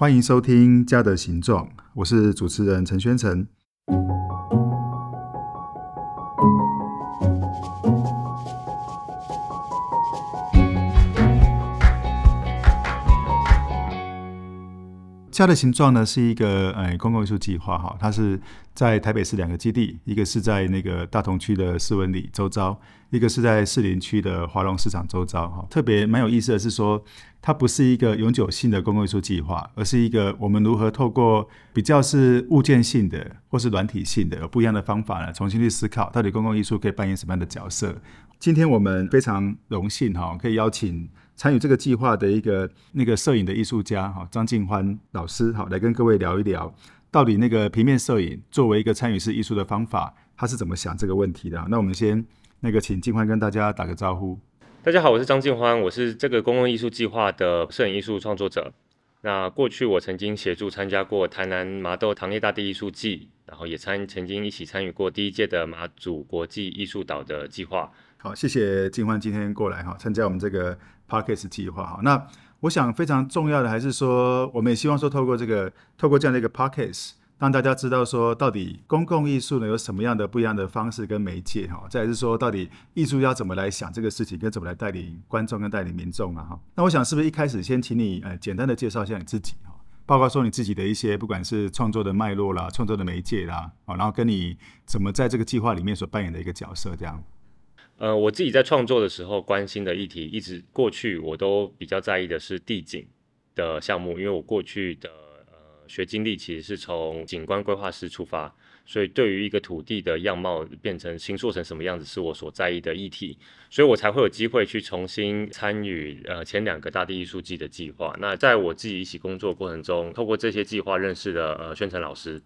歡迎收聽《家的形狀》，我是主持人陳宣誠。它的形狀呢是一個誒、哎、公共藝術計劃哈，它是在台北市兩個基地，一個是在那個大同區的斯文里周遭，一個是在士林區的華隆市場周遭哈。特別蠻有意思的是說，它不是一個永久性的公共藝術計劃，而是一個我們如何透過比較是物件性的或是軟體性的有不一樣的方法呢，重新去思考到底公共藝術可以扮演什麼樣的角色。今天我們非常榮幸哈，可以邀請。參與這個計劃的一個那個攝影的藝術家哈，張靖驩老師哈，來跟各位聊一聊，到底那個平面攝影作為一個參與式藝術的方法，他是怎麼想這個問題的？那我們先那個請靖驩跟大家打個招呼。大家好，我是張靖驩，我是這個公共藝術計劃的攝影藝術創作者。那過去我曾經協助參加過台南麻豆糖業大地藝術季，然後也參曾經一起參與過第一屆的馬祖國際藝術島的計劃。好，謝謝靖驩今天過來哈、哦，參加我們這個 Parkes 計劃哈。那我想非常重要的還是說，我們也希望說，透過這個，透過這樣的一個 Parkes，讓大家知道說，到底公共藝術呢，有什麼樣的不一樣的方式跟媒介哈。再是說，到底藝術要怎麼來想這個事情，跟怎麼來帶領觀眾跟帶領民眾啊哈。那我想是不是一開始先請你呃，簡單的介紹一下你自己哈，包括說你自己的一些不管是創作的脈絡啦，創作的媒介啦，哦，然後跟你怎麼在這個計劃裡面所扮演的一個角色這樣。呃，我自己在創作的時候關心的議題，一直過去我都比較在意的是地景的項目，因為我過去的呃學經歷其實是從景觀規劃師出發，所以對於一個土地的樣貌變成新塑成什麼樣子，是我所在意的議題，所以我才會有機會去重新參與呃前兩個大地藝術季的計劃。那在我自己一起工作過程中，透過這些計劃認識了呃宣誠老師。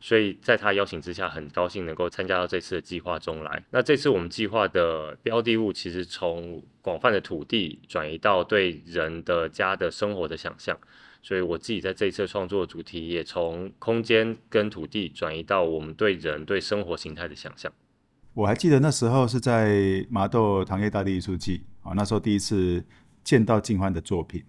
所以，在他的邀請之下，很高興能夠參加到這次的計劃中來。那這次我們計劃的標的物，其實從廣泛的土地轉移到對人的家的生活的想象。所以我自己在這次創作主題，也從空間跟土地轉移到我們對人對生活形態的想象。我還記得那時候是在麻豆糖業大地藝術季啊，那時候第一次見到靖驩的作品。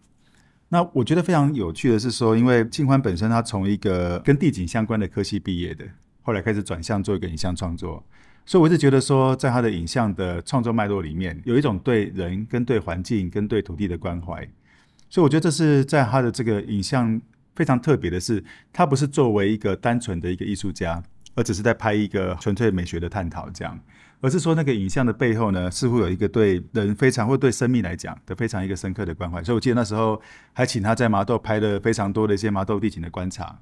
那我覺得非常有趣的是說，因為靖驩本身他從一個跟地景相關的科系畢業的，後來開始轉向做一個影像創作，所以我一直覺得說，在他的影像的創作脈絡裡面，有一種對人跟對環境跟對土地的關懷，所以我覺得這是在他的這個影像非常特別的是，他不是作為一個單純的一個藝術家，而只是在拍一個純粹美學的探討這樣。而是說，那個影像的背後呢，似乎有一個對人非常，或對生命來講的非常一個深刻的關懷。所以，我記得那時候還請他在麻豆拍了非常多的一些麻豆地形的觀察。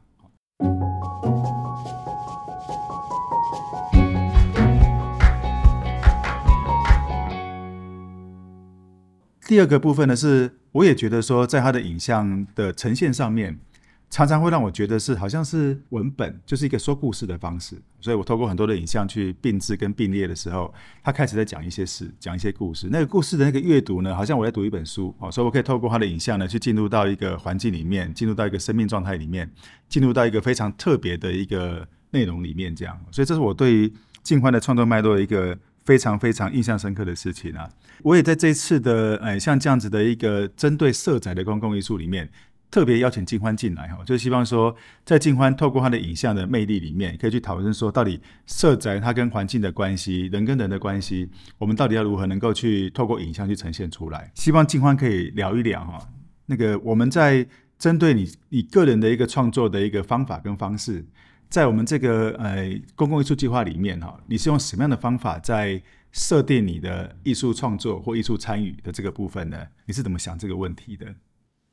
第二個部分呢，是我也覺得說，在他的影像的呈現上面。常常會讓我覺得是好像是文本，就是一個說故事的方式。所以我透過很多的影像去並置跟並列的時候，他開始在講一些事，講一些故事。那個故事的那個閱讀呢，好像我在讀一本書哦，所以我可以透過他的影像呢，去進入到一個環境裡面，進入到一個生命狀態裡面，進入到一個非常特別的一個內容裡面這樣。所以這是我對於靖驩的創作脈絡的一個非常非常印象深刻的事情啊。我也在這一次的誒、哎，像這樣子的一個針對色彩的公共藝術裡面。特別邀請靖驩進來哈，就希望說，在靖驩透過他的影像的魅力裡面，可以去討論說，到底社宅它跟環境的關係，人跟人的關係，我們到底要如何能夠去透過影像去呈現出來？希望靖驩可以聊一聊哈。那個我們在針對你你個人的一個創作的一個方法跟方式，在我們這個呃公共藝術計劃裡面哈，你是用什麼樣的方法在設定你的藝術創作或藝術參與的這個部分呢？你是怎麼想這個問題的？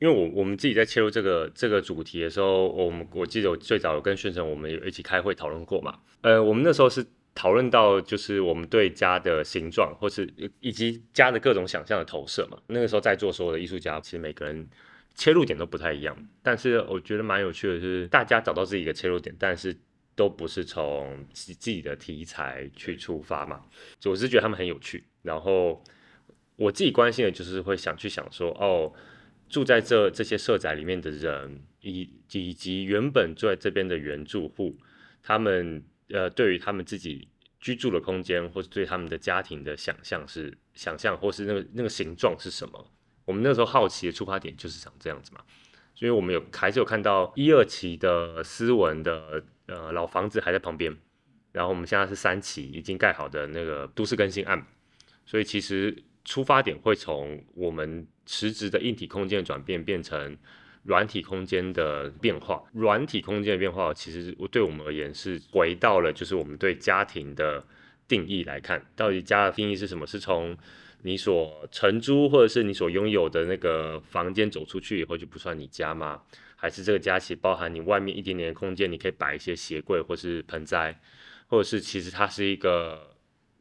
因為我我們自己在切入這個這個主題的時候，我們我記得我最早有跟宣誠，我們有一起開會討論過嘛。呃，我們那時候是討論到就是我們對家的形狀，或是以及家的各種想象的投射嘛。那個時候在座所有的藝術家，其實每個人切入點都不太一樣。但是我覺得蠻有趣的，就是大家找到自己的切入點，但是都不是從自自己的題材去出發嘛。所以我是覺得他們很有趣。然後我自己關心的就是會想去想說，哦。住在這這些社宅裡面的人，以以及原本住在這邊的原住戶，他們呃對於他們自己居住的空間，或者對他們的家庭的想象是想象，或是那個那個形狀是什麼？我們那時候好奇的出發點就是想這樣子嘛，所以我們有還是有看到一二期的斯文里的呃老房子還在旁邊，然後我們現在是三期已經蓋好的那個都市更新案，所以其實。出發點會從我們實質的硬體空間轉變，變成軟體空間的變化。軟體空間的變化，其實對我們而言是回到了，就是我們對家庭的定義來看，到底家的定義是什麼？是從你所承租或者是你所擁有的那個房間走出去以後就不算你家嗎？還是這個家其實包含你外面一點點的空間，你可以擺一些鞋櫃，或是盆栽，或者是其實它是一個。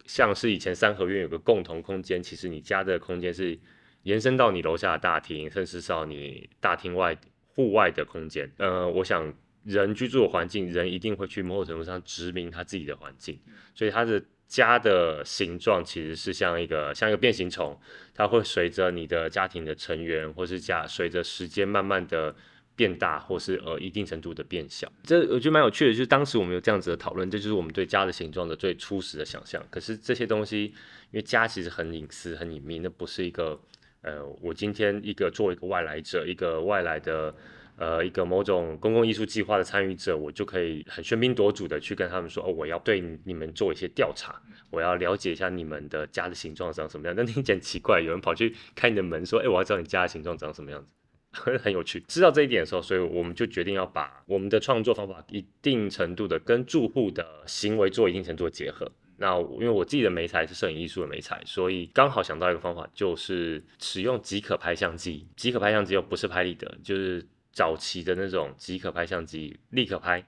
像是以前三合院有個共同空間，其實你家的空間是延伸到你樓下的大廳，甚至是到你大廳外戶外的空間。呃，我想人居住的環境，人一定會去某種程度上殖民他自己的環境。嗯，所以他的家的形狀其實是像一個像一個變形蟲，它會隨着你的家庭的成員或是家，隨着時間慢慢的。變大，或是呃一定程度的變小，這我覺得蠻有趣的。就是當時我們有這樣子的討論，這就是我們對家的形狀的最初始的想象。可是這些東西，因為家其實很隱私、很隱祕，那不是一個呃，我今天一個作為一個外來者、一個外來的呃一個某種公共藝術計劃的參與者，我就可以很喧賓奪主的去跟他們說，哦，我要對你們做一些調查，我要了解一下你們的家的形狀長什麼樣。但聽起來奇怪，有人跑去開你的門說，哎、欸，我要知道你家的形狀長什麼樣子。很 很有趣，知道這一點的時候，所以我們就決定要把我們的創作方法一定程度的跟住戶的行為做一定程度的結合。那因為我自己的媒材是攝影藝術的媒材，所以剛好想到一個方法，就是使用即可拍相機。即可拍相機又不是拍立得，就是早期的那種即可拍相機，立刻拍。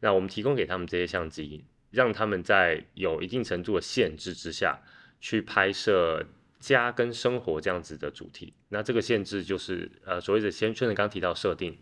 那我們提供給他們這些相機，讓他們在有一定程度的限制之下去拍攝。家跟生活這樣子的主題，那這個限制就是，呃，所謂的宣誠剛提到設定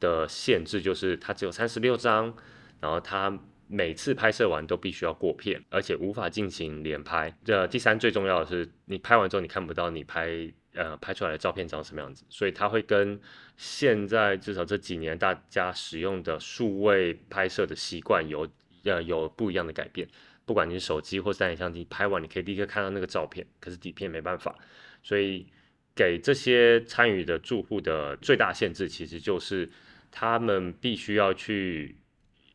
的限制就是，它只有三十六張，然後它每次拍攝完都必須要過片，而且無法進行連拍。這、呃、第三最重要的是，你拍完之後你看不到你拍，呃，拍出來的照片長什麼樣子，所以它會跟現在至少這幾年大家使用的數位拍攝的習慣有，呃，有不一樣的改變。不管你手機或單眼相機拍完，你可以立刻看到那個照片。可是底片沒辦法，所以給這些參與的住戶的最大限制，其實就是他們必須要去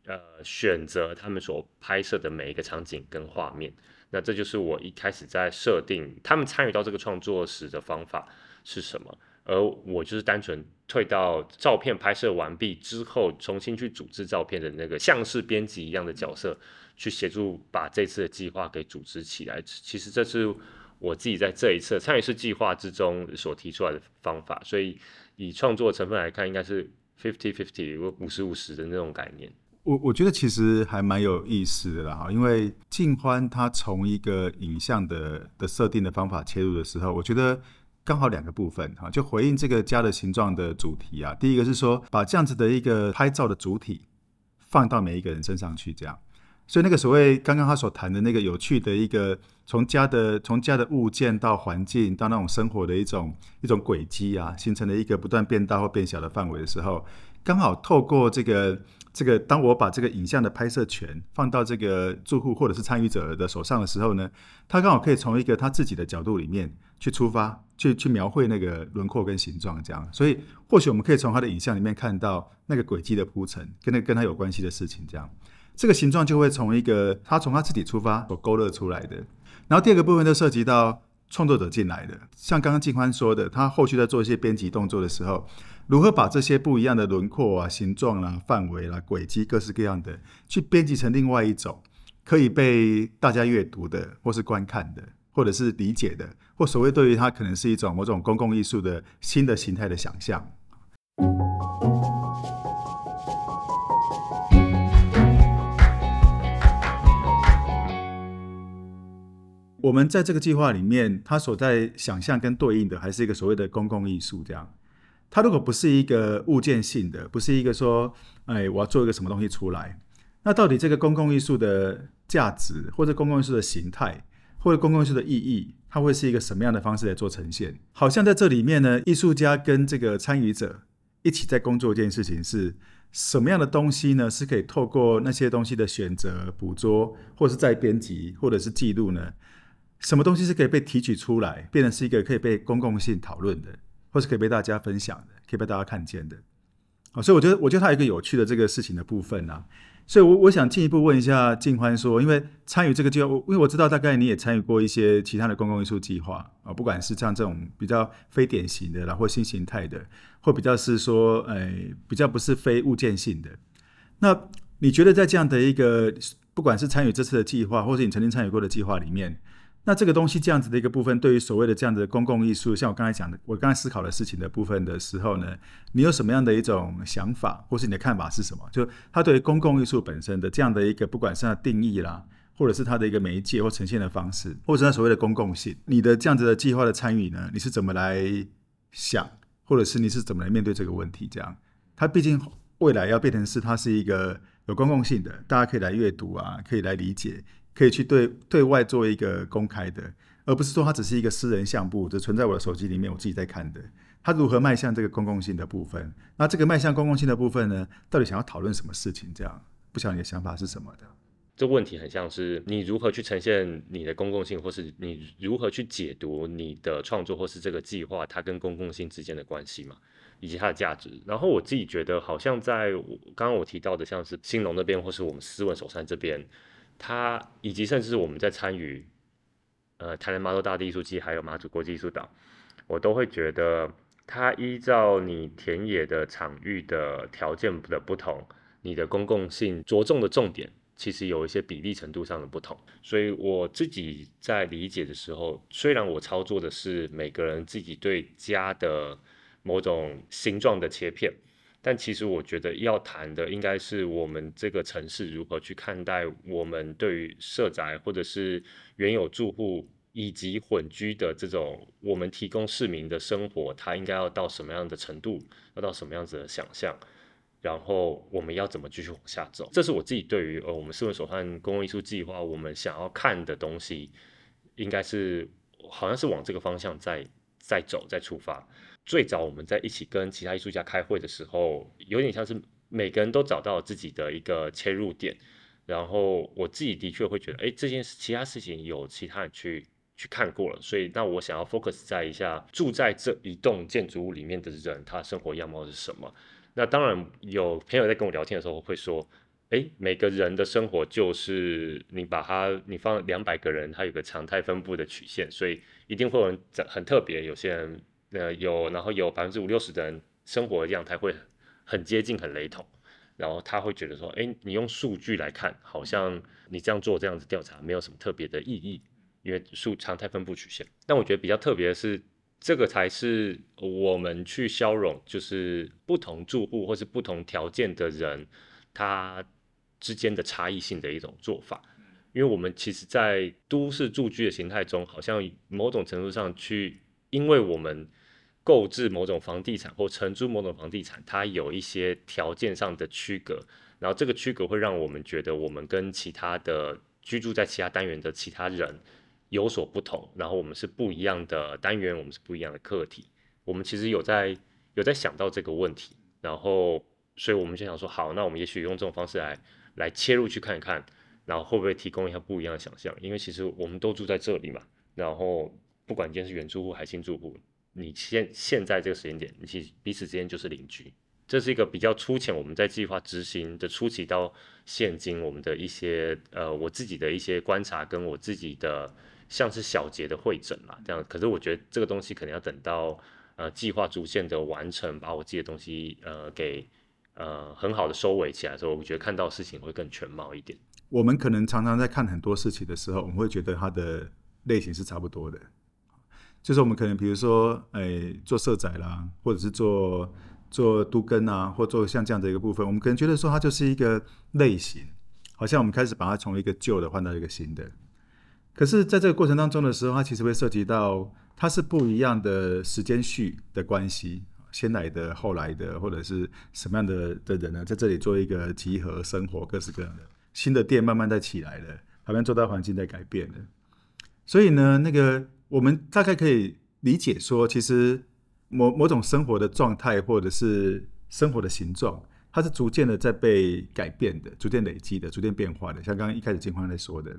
呃選擇他們所拍攝的每一個場景跟畫面。那這就是我一開始在設定他們參與到這個創作時的方法是什麼？而我就是單純退到照片拍攝完畢之後，重新去組織照片的那個像是編輯一樣的角色。去協助把這次的計劃給組織起來，其實這是我自己在這一次參與式計劃之中所提出來的方法，所以以創作成分來看，應該是 fifty fifty 或五十五十的那種概念。我我覺得其實還蠻有意思的啦，因為靖驩他從一個影像的的設定的方法切入的時候，我覺得剛好兩個部分哈，就回應這個家的形狀的主題啊。第一個是說把這樣子的一個拍照的主體放到每一個人身上去這樣。所以，那個所謂剛剛他所談的那個有趣的一個，從家的從家的物件到環境到那種生活的一種一種軌跡啊，形成了一個不斷變大或變小的範圍的時候，剛好透過這個這個，當我把這個影像的拍攝權放到這個住戶或者是參與者的手上的時候呢，他剛好可以從一個他自己的角度裡面去出發，去去描繪那個輪廓跟形狀這樣。所以，或許我們可以從他的影像裡面看到那個軌跡的鋪陳，跟那跟他有關係的事情這樣。這個形狀就會從一個他從他自己出發所勾勒出來的，然後第二個部分就涉及到創作者進來的，像剛剛靖驩說的，他後續在做一些編輯動作的時候，如何把這些不一樣的輪廓啊、形狀啊、範圍啦、啊、軌跡各式各樣的，去編輯成另外一種可以被大家閱讀的，或是觀看的，或者是理解的，或所謂對於他可能是一種某種公共藝術的新的形態的想象。我們在這個計劃裡面，它所在想象跟對應的還是一個所謂的公共藝術這樣。它如果不是一個物件性的，不是一個說，哎，我要做一個什麼東西出來，那到底這個公共藝術的價值，或者公共藝術的形態，或者公共藝術的意義，它會是一個什麼樣的方式來做呈現？好像在這裡面呢，藝術家跟這個參與者一起在工作一件事情是，是什麼樣的東西呢？是可以透過那些東西的選擇、捕捉，或者是再編輯，或者是記錄呢？什麼東西是可以被提取出來，變成是一個可以被公共性討論的，或是可以被大家分享的，可以被大家看見的？好、哦，所以我覺得，我覺得它有一個有趣的這個事情的部分啊。所以我，我我想進一步問一下靖驩說，因為參與這個計劃，因為我知道大概你也參與過一些其他的公共藝術計劃啊，不管是像這種比較非典型的啦，或新形態的，或比較是說，誒、呃，比較不是非物件性的。那你覺得在這樣的一個，不管是參與這次的計劃，或是你曾經參與過的計劃裡面，那這個東西這樣子的一個部分，對於所謂的這樣子的公共藝術，像我剛才講的，我剛才思考的事情的部分的時候呢，你有什麼樣的一種想法，或是你的看法是什麼？就它對於公共藝術本身的這樣的一個，不管是它的定義啦，或者是它的一個媒介或呈現的方式，或者是它所謂的公共性，你的這樣子的計劃的參與呢，你是怎麼來想，或者是你是怎麼來面對這個問題？這樣，它畢竟未來要變成是它是一個有公共性的，大家可以來閱讀啊，可以來理解。可以去對對外做一個公開的，而不是說它只是一個私人相簿，就存在我的手機裡面，我自己在看的。它如何邁向這個公共性的部分？那這個邁向公共性的部分呢，到底想要討論什麼事情？這樣不曉得你的想法是什麼的。這問題很像是你如何去呈現你的公共性，或是你如何去解讀你的創作，或是這個計劃它跟公共性之間的關係嘛，以及它的價值。然後我自己覺得，好像在我剛剛我提到的，像是新農那邊，或是我們斯文里這邊。它以及甚至我們在參與，呃，台南麻豆大地藝術季，還有馬祖國際藝術島，我都會覺得，它依照你田野的場域的條件的不同，你的公共性着重的重點，其實有一些比例程度上的不同。所以我自己在理解的時候，雖然我操作的是每個人自己對家的某種形狀的切片。但其實我覺得要談的應該是我們這個城市如何去看待我們對於社宅或者是原有住戶以及混居的這種，我們提供市民的生活，它應該要到什麼樣的程度，要到什麼樣子的想象然後我們要怎麼繼續往下走？這是我自己對於呃，我們斯文里看公共藝術計劃，我們想要看的東西，應該是好像是往這個方向在在走，在出發。最早我們在一起跟其他藝術家開會的時候，有點像是每個人都找到自己的一個切入點。然後我自己的確會覺得，哎，這件事其他事情有其他人去去看過了，所以那我想要 focus 在一下住在這一棟建築物裡面的人，他生活樣貌是什麼？那當然有朋友在跟我聊天的時候會說，哎，每個人的生活就是你把他你放兩百個人，他有個常態分布的曲線，所以一定會有很很特別，有些人。呃，有，然後有百分之五六十的人生活的樣態會很接近、很雷同，然後他會覺得說：“哎、欸，你用數據來看，好像你這樣做這樣子調查沒有什麼特別的意義，因為數常態分布曲線。”但我覺得比較特別的是，這個才是我們去消融，就是不同住戶或是不同條件的人，他之間的差異性的一種做法，因為我們其實，在都市住居的形態中，好像某種程度上去。因為我們購置某種房地產或承租某種房地產，它有一些條件上的區隔，然後這個區隔會讓我們覺得我們跟其他的居住在其他單元的其他人有所不同，然後我們是不一樣的單元，我們是不一樣的客體。我們其實有在有在想到這個問題，然後所以我們就想說，好，那我們也許用這種方式來來切入去看一看，然後會不會提供一下不一樣的想象因為其實我們都住在這裡嘛，然後。不管今天是原住戶還是新住戶，你現現在這個時間點，你其實彼此之間就是鄰居，這是一個比較粗淺。我們在計劃執行的初期到現今，我們的一些呃我自己的一些觀察，跟我自己的像是小結的會診嘛，這樣。可是我覺得這個東西可能要等到呃計劃逐漸的完成，把我自己的東西呃給呃很好的收尾起來的時候，所以我覺得看到事情會更全貌一點。我們可能常常在看很多事情的時候，我們會覺得它的類型是差不多的。就是我們可能，比如說，誒、欸，做社宅啦，或者是做做都更啊，或做像這樣的一個部分，我們可能覺得說它就是一個類型，好像我們開始把它從一個舊的換到一個新的。可是，在這個過程當中的時候，它其實會涉及到它是不一樣的時間序的關係，先來的、後來的，或者是什麼樣的的人呢、啊，在這裡做一個集合生活，各式各樣的新的店慢慢在起來了，旁邊周邊環境在改變了，所以呢，那個。我們大概可以理解說，其實某某種生活的狀態或者是生活的形狀，它是逐漸的在被改變的，逐漸累積的，逐漸變化的。像剛剛一開始靖驩在說的，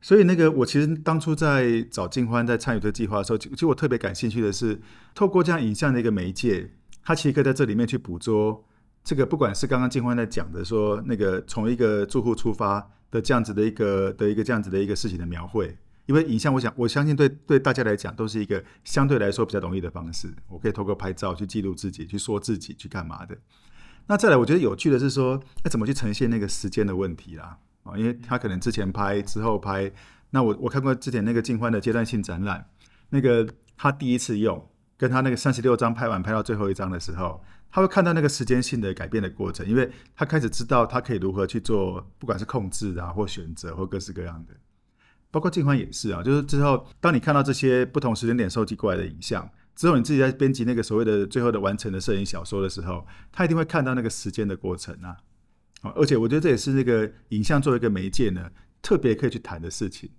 所以那個我其實當初在找靖驩在參與這個計劃的時候，其實我特別感興趣的是，透過這樣影像的一個媒介，它其實可以在這裡面去捕捉這個，不管是剛剛靖驩在講的說，那個從一個住戶出發的這樣子的一個的一個這樣子的一個事情的描繪。因為影像，我想我相信對對大家來講都是一個相對來說比較容易的方式。我可以透過拍照去記錄自己，去說自己，去幹嘛的。那再來，我覺得有趣的是說，那、啊、怎麼去呈現那個時間的問題啦？啊、哦，因為他可能之前拍，之後拍。那我我看過之前那個靖驩的階段性展覽，那個他第一次用，跟他那個三十六張拍完拍到最後一張的時候，他會看到那個時間性的改變的過程，因為他開始知道他可以如何去做，不管是控制啊，或選擇，或各式各樣的。包括鏡框也是啊，就是之後當你看到這些不同時間點收集過來的影像之後，你自己在編輯那個所謂的最後的完成的攝影小說的時候，他一定會看到那個時間的過程啊。而且我覺得這也是那個影像作為一個媒介呢，特別可以去談的事情。